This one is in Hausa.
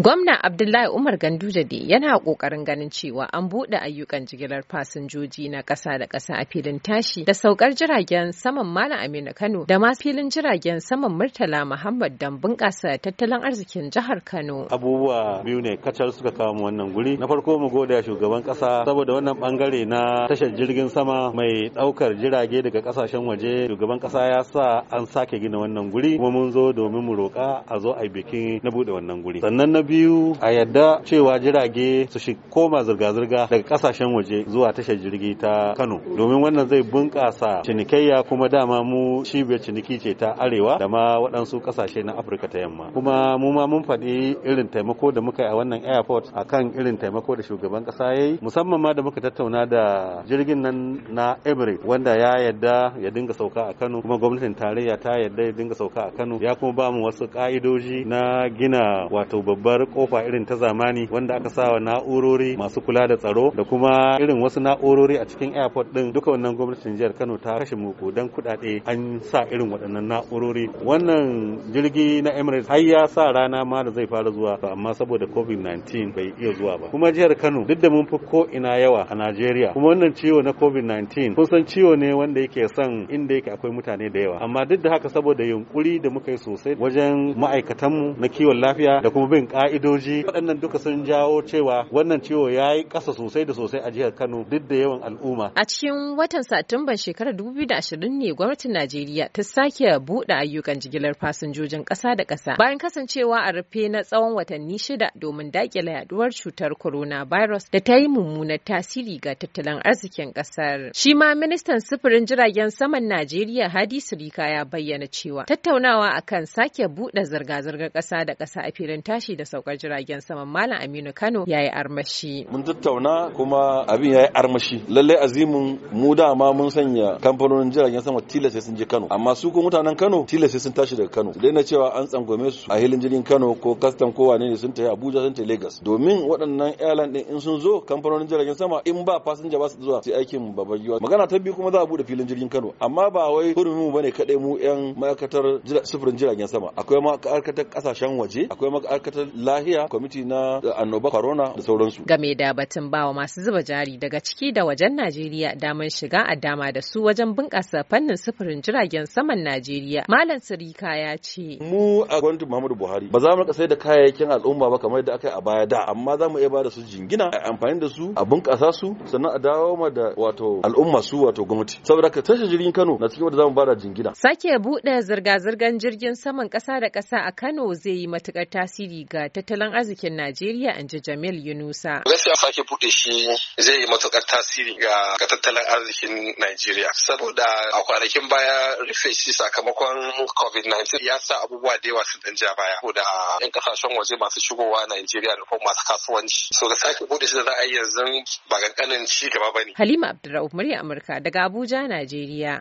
Gwamna Abdullahi Umar Ganduje yana ƙoƙarin ganin cewa an buɗe ayyukan jigilar fasinjoji na ƙasa da ƙasa a filin tashi da saukar jiragen saman Malam Aminu Kano da ma filin jiragen saman Murtala Muhammad don bunƙasa tattalin arzikin jihar Kano. Abubuwa biyu ne kacal suka kawo mu wannan guri. Na farko mu goda shugaban ƙasa saboda wannan bangare na tashar jirgin sama mai ɗaukar jirage daga ƙasashen waje. Shugaban ƙasa ya sa an sake gina wannan guri kuma mun zo domin mu roƙa a zo a bikin na buɗe wannan guri. Sannan na biyu a yadda cewa jirage su shi koma zirga-zirga daga kasashen waje zuwa tashar jirgi ta Kano domin wannan zai bunƙasa cinikayya kuma dama mu cibiyar ciniki ce ta arewa da ma waɗansu kasashe na Afirka ta yamma kuma mu ma mun faɗi irin taimako da muka yi a wannan airport a kan irin taimako da shugaban ƙasa yayi musamman ma da muka tattauna da jirgin nan na Emirates wanda ya yadda ya dinga sauka a Kano kuma gwamnatin tarayya ta yadda ya dinga sauka a Kano ya kuma ba mu wasu ka'idoji na gina wato babbar kamar kofa irin ta zamani wanda aka sawa na'urori masu kula da tsaro da kuma irin wasu na'urori a cikin airport din duka wannan gwamnatin jihar Kano ta kashe muku dan kuɗaɗe an sa irin waɗannan na'urori wannan jirgi na Emirates har ya sa rana ma da zai fara zuwa amma saboda COVID-19 bai iya zuwa ba kuma jihar Kano duk da mun fi ko ina yawa a Najeriya kuma wannan ciwo na COVID-19 kun san ciwo ne wanda yake son inda yake akwai mutane da yawa amma duk da haka saboda yunkuri da muka yi sosai wajen ma'aikatanmu na kiwon lafiya da kuma bin ƙari ka'idoji waɗannan duka sun jawo cewa wannan ciwo ya yi ƙasa sosai da sosai a jihar Kano duk da yawan al'umma. A cikin watan Satumban shekarar 2020 ne gwamnatin Najeriya ta sake buɗe ayyukan jigilar fasinjojin ƙasa da ƙasa bayan kasancewa a rufe na tsawon watanni shida domin daƙile yaduwar cutar coronavirus da ta yi mummunar tasiri ga tattalin arzikin ƙasar. Shi ma ministan sufurin jiragen saman Najeriya Hadi Sirika ya bayyana cewa tattaunawa akan sake buɗe zirga-zirgar ƙasa da ƙasa a filin tashi da saukar jiragen sama Malam Aminu Kano ya yi armashi. Mun tattauna kuma abin ya yi armashi. Lalle azimin mu dama mun sanya kamfanonin jiragen sama tilas sai sun je Kano. Amma su ko mutanen Kano tilas sai sun tashi daga Kano. dai na cewa an tsangwame su a hilin jirgin Kano ko kastam ko wane ne sun tafi Abuja sun tafi Lagos. Domin waɗannan airline ɗin in sun zo kamfanonin jiragen sama in ba fasinja ba su zuwa sai aikin babban yiwuwa. Magana ta biyu kuma za a buɗe filin jirgin Kano. Amma ba wai hurumin mu bane kaɗai mu 'yan ma'aikatar sufurin jiragen sama. Akwai ma'aikatar ƙasashen waje, akwai ma'aikatar lahiya kwamiti na eh, annoba corona da sauransu game da batun bawa masu zuba jari daga ciki da wajen najeriya damar shiga a dama da su wajen bunƙasa fannin sufurin jiragen saman najeriya malam sirika ya ce mu a gwamnatin muhammadu buhari ba za mu sai da kayayyakin al'umma ba kamar da aka yi a baya da amma za mu iya ba da su jingina a amfani da su a bunƙasa su sannan a dawo ma da wato al'umma su wato gwamnati saboda ka tashar jirgin kano na cikin wanda za mu ba da jingina sake buɗe zirga-zirgar jirgin saman ƙasa da ƙasa a kano zai yi matuƙar tasiri ga da tattalin arzikin Najeriya in ji Jamil Yunusa. Gaskiya sake buɗe shi zai yi matuƙar tasiri ga, tattalin arzikin Najeriya. Saboda a kwanakin baya rufe shi sakamakon COVID-19 ya sa abubuwa da yawa sun ɗan baya. Ko da 'yan kasashen waje masu shigowa Najeriya da kuma masu kasuwanci. So ga sake buɗe shi da za a yi yanzu ba ƙanƙanin ci gaba ba ne. Halima Murya Amurka daga Abuja, Najeriya.